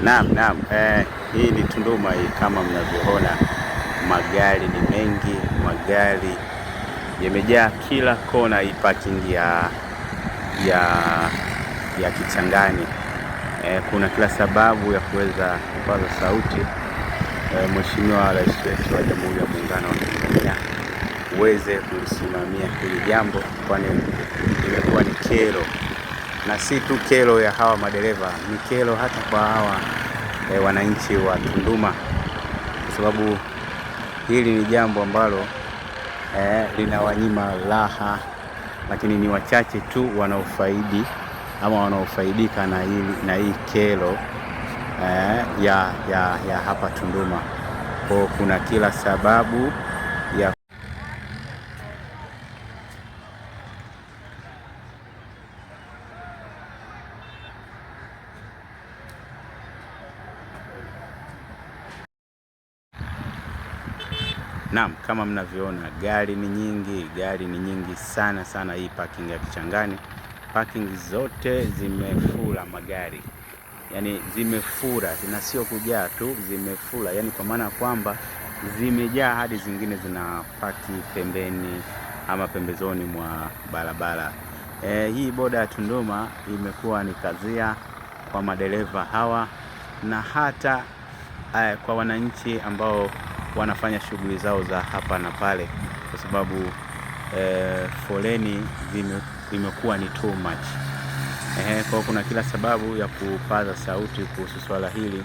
Naam, naam. Eh, hii ni Tunduma hii kama mnavyoona magari ni mengi, magari yamejaa kila kona. Hii parking ya ya ya Kichangani eh, kuna kila sababu ya kuweza kupaza sauti eh, Mheshimiwa Rais wetu wa Jamhuri ya Muungano wa Tanzania uweze kulisimamia hili jambo, kwani imekuwa ni kero na si tu kero ya hawa madereva, ni kero hata kwa hawa e, wananchi wa Tunduma, kwa sababu hili ni jambo ambalo e, linawanyima raha, lakini ni wachache tu wanaofaidi ama wanaofaidika na hili, na hii kero e, eh, ya, ya, ya hapa Tunduma. Kwa kuna kila sababu Naam, kama mnavyoona gari ni nyingi, gari ni nyingi sana sana. Hii parking ya Kichangani, parking zote zimefura magari, yaani zimefura na sio kujaa tu, zimefura yaani kwa maana kwamba zimejaa hadi zingine zinapaki pembeni ama pembezoni mwa barabara. E, hii boda ya Tunduma imekuwa ni kazia kwa madereva hawa na hata eh, kwa wananchi ambao wanafanya shughuli zao za hapa na pale, kwa sababu eh, foleni imekuwa ni too much. Eh, kwa kuna kila sababu ya kupaza sauti kuhusu swala hili,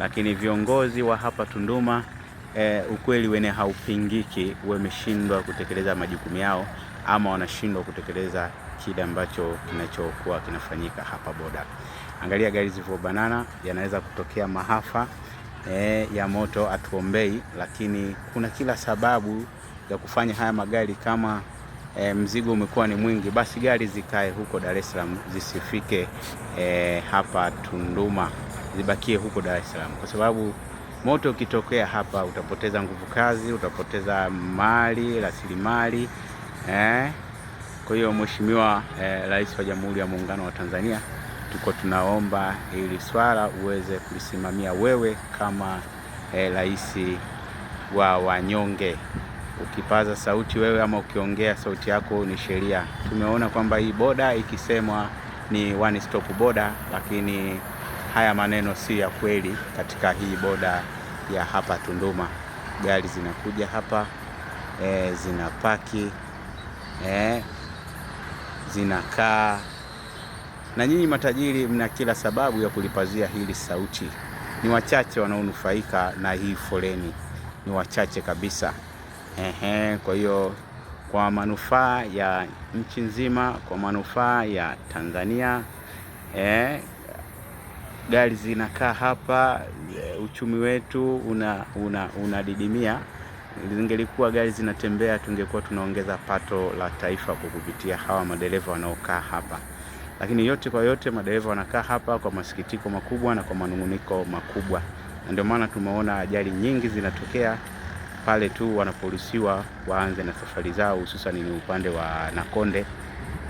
lakini viongozi wa hapa Tunduma eh, ukweli wene haupingiki, wameshindwa kutekeleza majukumu yao ama wanashindwa kutekeleza kile ambacho kinachokuwa kinafanyika hapa boda. Angalia gari zilivyobanana, yanaweza kutokea mahafa eh, ya moto atuombei, lakini kuna kila sababu ya kufanya haya magari kama E, mzigo umekuwa ni mwingi, basi gari zikae huko Dar es Salaam zisifike e, hapa Tunduma, zibakie huko Dar es Salaam, kwa sababu moto ukitokea hapa utapoteza nguvu kazi, utapoteza mali, rasilimali e. Kwa hiyo Mheshimiwa e, Rais wa Jamhuri ya Muungano wa Tanzania tuko tunaomba hili swala uweze kulisimamia wewe kama eh, rais eh, wa wanyonge. Ukipaza sauti wewe ama ukiongea sauti yako ni sheria. Tumeona kwamba hii boda ikisemwa ni one stop boda, lakini haya maneno si ya kweli katika hii boda ya hapa Tunduma. Gari zinakuja hapa eh, zinapaki eh, zinakaa na nyinyi matajiri mna kila sababu ya kulipazia hili sauti. Ni wachache wanaonufaika na hii foleni, ni wachache kabisa. Ehe, kwa hiyo kwa manufaa ya nchi nzima, kwa manufaa ya Tanzania eh, gari zinakaa hapa, eh, uchumi wetu unadidimia. Una, unadidimia. zingelikuwa gari zinatembea, tungekuwa tunaongeza pato la taifa kwa kupitia hawa madereva wanaokaa hapa. Lakini yote kwa yote, madereva wanakaa hapa kwa masikitiko makubwa na kwa manunguniko makubwa, na ndio maana tumeona ajali nyingi zinatokea pale tu wanaporuhusiwa waanze na safari zao, hususan ni upande wa Nakonde.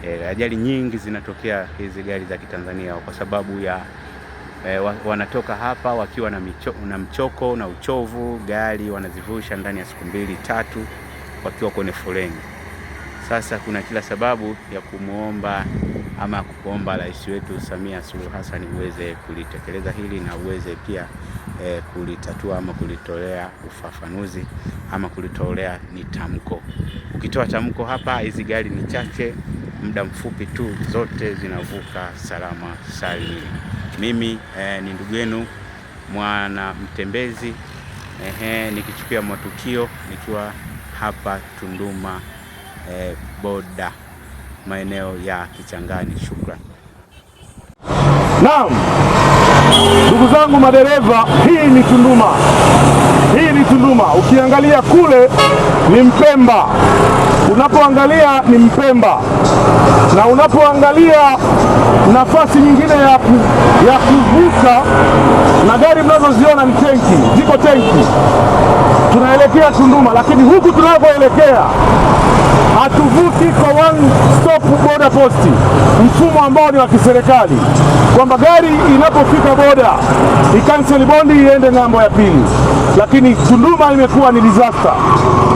E, ajali nyingi zinatokea hizi gari za Kitanzania kwa sababu ya e, wanatoka hapa wakiwa na, micho, na mchoko na uchovu, gari wanazivusha ndani ya siku mbili tatu wakiwa kwenye foleni. Sasa kuna kila sababu ya kumwomba ama kuomba rais wetu Samia Suluhu Hassan uweze kulitekeleza hili na uweze pia e, kulitatua ama kulitolea ufafanuzi ama kulitolea ni tamko. Ukitoa tamko hapa, hizi gari ni chache, muda mfupi tu zote zinavuka salama salini. Mimi e, ni ndugu yenu mwana mtembezi ehe, nikichukia matukio nikiwa hapa Tunduma e, boda maeneo ya Kichangani. shukran Naam, ndugu zangu madereva, hii ni Tunduma, hii ni Tunduma. Ukiangalia kule ni Mpemba, unapoangalia ni Mpemba, na unapoangalia nafasi nyingine ya, ku, ya kuvuka na gari mnazoziona ni tenki, ziko tenki. Tunaelekea Tunduma, lakini huku tunapoelekea hatuvuki kwa one stop boda posti, mfumo ambao ni wa kiserikali kwamba gari inapofika boda ikanseli bondi iende ng'ambo ya pili. Lakini Tunduma imekuwa ni disaster.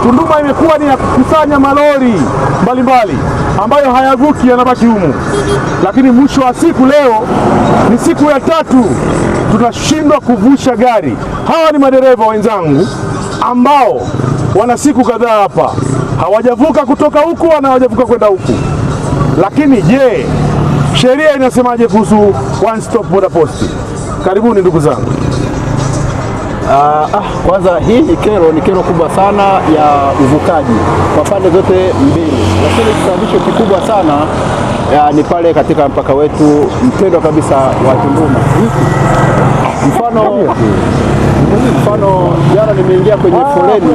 Tunduma imekuwa ni ya kukusanya malori mbalimbali mbali, ambayo hayavuki yanabaki humu, lakini mwisho wa siku leo ni siku ya tatu tunashindwa kuvusha gari. Hawa ni madereva wenzangu ambao wana siku kadhaa hapa hawajavuka kutoka huku na hawajavuka kwenda huku. Lakini je, sheria inasemaje kuhusu one stop border post? Karibuni ndugu zangu. Ah, ah kwanza hii ni kero, ni kero kubwa sana ya uvukaji kwa pande zote mbili, lakini kisababisho kikubwa sana ya, eh, ni pale katika mpaka wetu mpendwa kabisa wa Tunduma mfano mfano jana nimeingia kwenye ah, foleni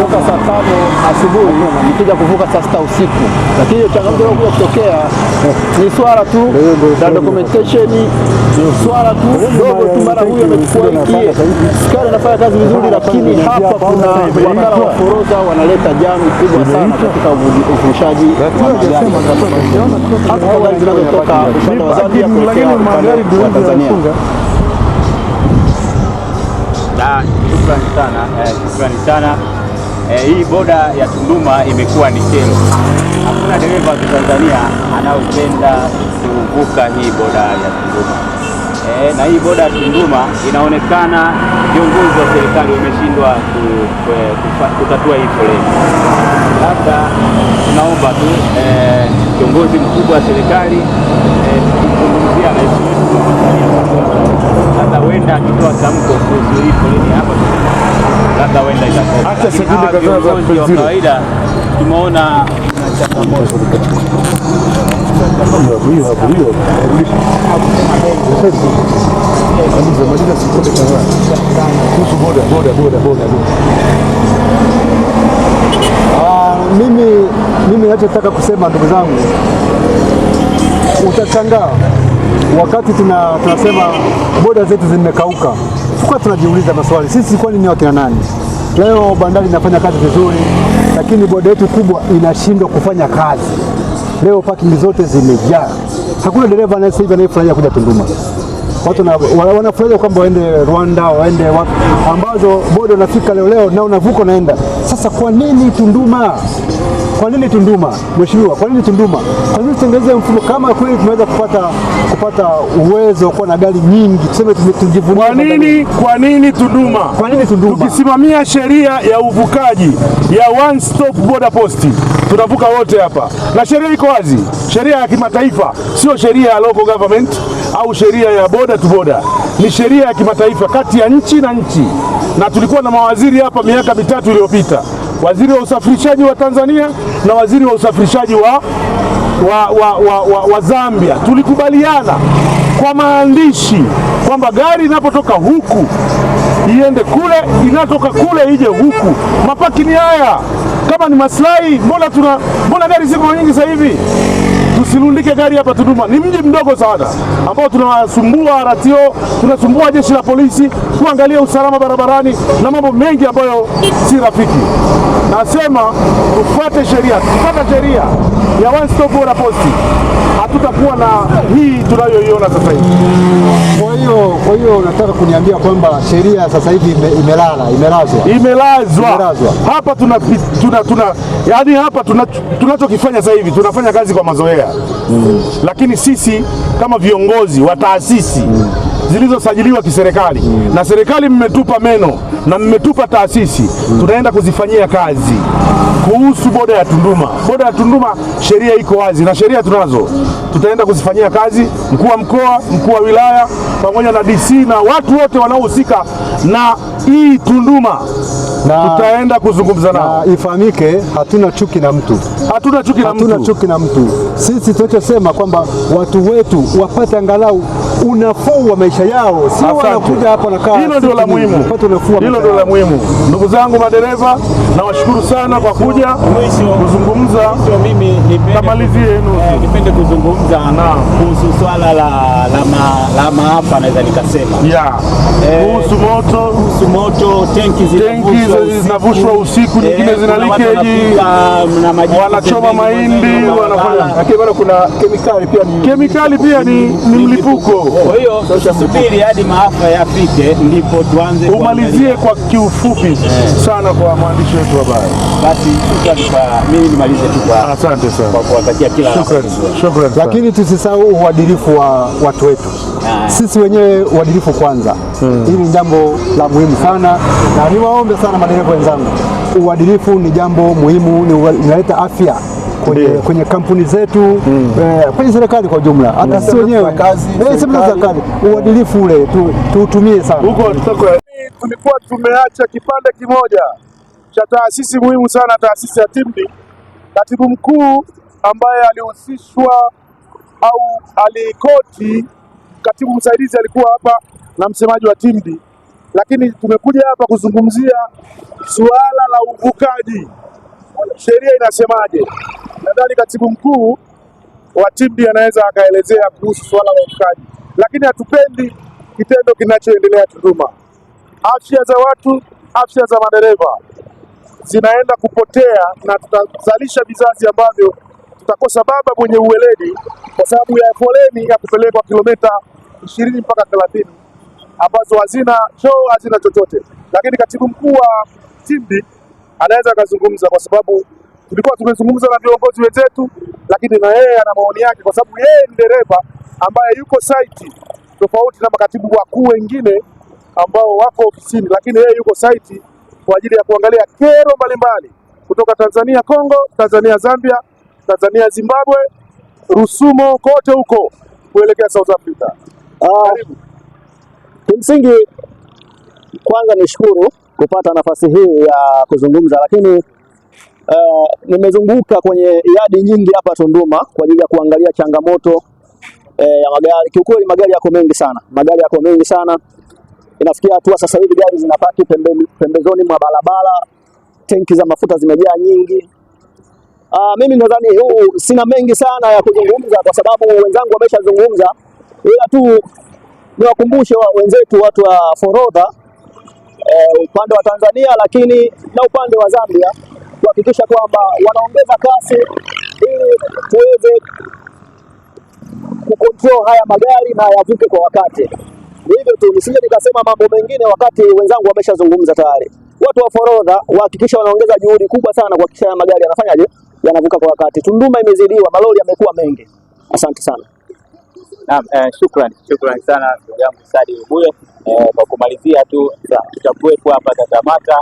toka saa tano asubuhi nikija kuvuka saa sita usiku, lakini hiyo changamoto inayokuja kutokea ni swala tu la documentation, swala tu dogo tu, mara huyo amechukua hiki, sikari, anafanya kazi vizuri, lakini hapa kuna wakala wa forodha wanaleta jamu kubwa sana katika uvushaji wa magari hasa gari zinazotoka upande wa Zambia kuelekea Tanzania shukrani sana, eh, shukrani sana. Eh, hii boda ya Tunduma imekuwa ni kero. Hakuna dereva wa Tanzania anayopenda kuvuka hii boda ya Tunduma. eh, na hii boda ya Tunduma inaonekana viongozi wa serikali wameshindwa kutatua hii foleni. Labda tunaomba tu eh, kiongozi mkubwa wa serikali kuzungumzia rais wetu hata akitoa tamko kuhusu hii foleni hapa, labda huenda itakopa, lakini hawa viongozi wa kawaida tumeona changamoto ah, mimi mimi nachotaka kusema ndugu zangu utashangaa wakati tuna, tunasema boda zetu zimekauka, tukuwa tunajiuliza maswali, sisi kwani ni wakina nani? Leo bandari inafanya kazi vizuri, lakini boda yetu kubwa inashindwa kufanya kazi. Leo parking zote zimejaa, hakuna dereva na sasa hivi anayefurahia kuja Tunduma. Watu wanafurahia kwamba waende Rwanda, waende wapi, ambazo boda unafika leo leo na unavuka unaenda. Sasa kwa nini Tunduma? Kwa nini Tunduma, mheshimiwa? Kwa nini Tunduma? Kwa nini tutengeneze mfumo kama kweli tunaweza kupata kupata uwezo kuwa na gari nyingi, tuseme tujivunie. Kwa nini, kwa nini Tunduma? Kwa nini Tunduma? Tukisimamia sheria ya uvukaji ya one stop border post tunavuka wote hapa, na sheria iko wazi, sheria ya kimataifa, sio sheria ya local government au sheria ya boda to boda, ni sheria ya kimataifa kati ya nchi na nchi, na tulikuwa na mawaziri hapa miaka mitatu iliyopita waziri wa usafirishaji wa Tanzania na waziri wa usafirishaji wa, wa, wa, wa, wa, wa Zambia tulikubaliana kwa maandishi kwamba gari inapotoka huku iende kule, inatoka kule ije huku. Mapaki ni haya, kama ni maslahi, mbona tuna mbona gari ziko nyingi sasa hivi? tusirundike gari hapa Tunduma. Ni mji mdogo sana ambao tunasumbua ratio, tunasumbua jeshi la polisi kuangalia usalama barabarani na mambo mengi ambayo si rafiki. Nasema tufuate sheria, tufuate sheria ya one stop border post hatutakuwa na hii tunayoiona sasa hivi. Kwa hiyo kwa hiyo unataka kuniambia kwamba sheria sasa hivi ime, imelala imelazwa imelazwa, imelazwa. Hapa tuna, tuna, tuna, yani hapa tunachokifanya tuna sasa hivi tunafanya kazi kwa mazoea mm. Lakini sisi kama viongozi wa taasisi mm. zilizosajiliwa kiserikali mm. na serikali mmetupa meno na mmetupa taasisi mm. Tutaenda kuzifanyia kazi. Kuhusu boda ya Tunduma, boda ya Tunduma sheria iko wazi na sheria tunazo, tutaenda kuzifanyia kazi. Mkuu wa mkoa, mkuu wa wilaya pamoja na DC na watu wote wanaohusika na hii Tunduma na, tutaenda kuzungumza nao. Ifahamike, hatuna chuki na mtu, hatuna chuki na mtu, hatuna chuki na mtu. Sisi tunachosema kwamba watu wetu wapate angalau unafuu wa maisha yao, si wanakuja hapa na kaa. Hilo ndio la muhimu, hilo ndio la muhimu. Ndugu zangu madereva, nawashukuru sana kwa kuja kuzungumza. Namalizie eh, nipende kuzungumza na kuhusu swala la la la maafa, naweza nikasema eh, kuhusu moto, kuhusu moto, tenki zinavushwa usiku, eh, nyingine zina leakage, wanachoma mahindi, wanafanya, lakini bado kuna kemikali pia, ni kemikali pia ni mlipuko kwa hiyo tusubiri hadi maafa yafike ndipo tuanze umalizie kwa kiufupi eh. sana kwa mwandishi wetu wa habari. Basi shukrani kwa mimi nimalize tu kwa asante sana kwa kuwatakia kila la heri. Lakini tusisahau uadilifu wa watu wetu ah. sisi wenyewe uadilifu kwanza. Hmm. Hili ni jambo la muhimu sana na niwaombe sana madereva wenzangu, uadilifu ni jambo muhimu, linaleta afya kwenye, kwenye kampuni zetu mm. eh, kwenye serikali kwa ujumla, hata sisi wenyewe eh, sehemu za kazi, uadilifu ule tuutumie tu sana. Huko tulikuwa tumeacha kipande kimoja cha taasisi muhimu sana, taasisi ya TIMDI. Katibu mkuu ambaye alihusishwa au alikoti, katibu msaidizi alikuwa hapa na msemaji wa TIMDI, lakini tumekuja hapa kuzungumzia suala la uvukaji sheria inasemaje? Nadhani katibu mkuu wa timu anaweza akaelezea kuhusu swala la ufukaji, lakini hatupendi kitendo kinachoendelea Tunduma. Afya za watu, afya za madereva zinaenda kupotea na tutazalisha vizazi ambavyo tutakosa baba mwenye uweledi kwa sababu ya foleni ya kupelekwa kilomita ishirini mpaka thelathini ambazo hazina choo hazina chochote. Lakini katibu mkuu wa timu anaweza akazungumza, kwa sababu tulikuwa tumezungumza na viongozi wenzetu, lakini na yeye ana maoni yake, kwa sababu yeye ni dereva ambaye yuko saiti, tofauti na makatibu wakuu wengine ambao wako ofisini, lakini yeye yuko saiti kwa ajili ya kuangalia kero mbalimbali kutoka Tanzania Kongo, Tanzania Zambia, Tanzania Zimbabwe, Rusumo, kote huko kuelekea South Africa. Ah, kimsingi, kwanza nishukuru kupata nafasi hii ya kuzungumza, lakini uh, nimezunguka kwenye yadi nyingi hapa Tunduma kwa ajili ya kuangalia changamoto eh, ya magari. Kiukweli magari yako mengi sana, magari yako mengi sana. Inafikia hatua sasa hivi gari zinapaki pembeni, pembezoni mwa barabara, tenki za mafuta zimejaa nyingi. Uh, mimi nadhani huu sina mengi sana ya kuzungumza kwa sababu wenzangu wameshazungumza, ila tu niwakumbushe wa wenzetu watu wa forodha eh, upande wa Tanzania lakini na upande wa Zambia kuhakikisha kwamba wanaongeza kasi ili tuweze kukontrol haya magari na yavuke kwa wakati. Hivyo tu nisije nikasema mambo mengine wakati wenzangu wameshazungumza tayari. Watu wa forodha wahakikisha wanaongeza juhudi kubwa sana kuhakikisha haya magari yanafanyaje, yanavuka kwa wakati. Tunduma imezidiwa, malori yamekuwa mengi. Asante sana. Naam, eh, shukrani shukrani sana ndugu yangu Sadi Ubuye. Eh, kwa kumalizia tu, tutakuwepo hapa Tatamata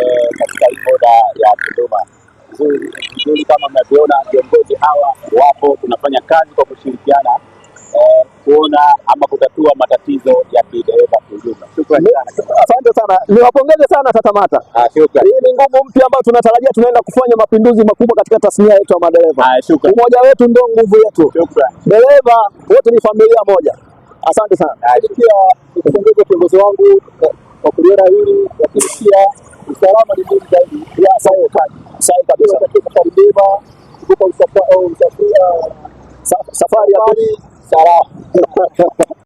eh, katika iboda ya Dodoma. Nzuri kama mnavyoona, viongozi hawa wapo, tunafanya kazi kwa kushirikiana kuona ama kutatua matatizo ya kidereva kiujumla. Asante sana, niwapongeze sana TATAMATA. Hii ni nguvu mpya ambayo tunatarajia tunaenda kufanya mapinduzi makubwa katika tasnia yetu ya madereva. Umoja wetu ndio nguvu yetu. Dereva wote ni familia moja. Asante sana. Pia nipongeze kiongozi wangu kwa kuliona hili, lakini pia usalama ni muhimu zaidi. Sahihi kabisa. Dereva usafiri safari ya kweli salama.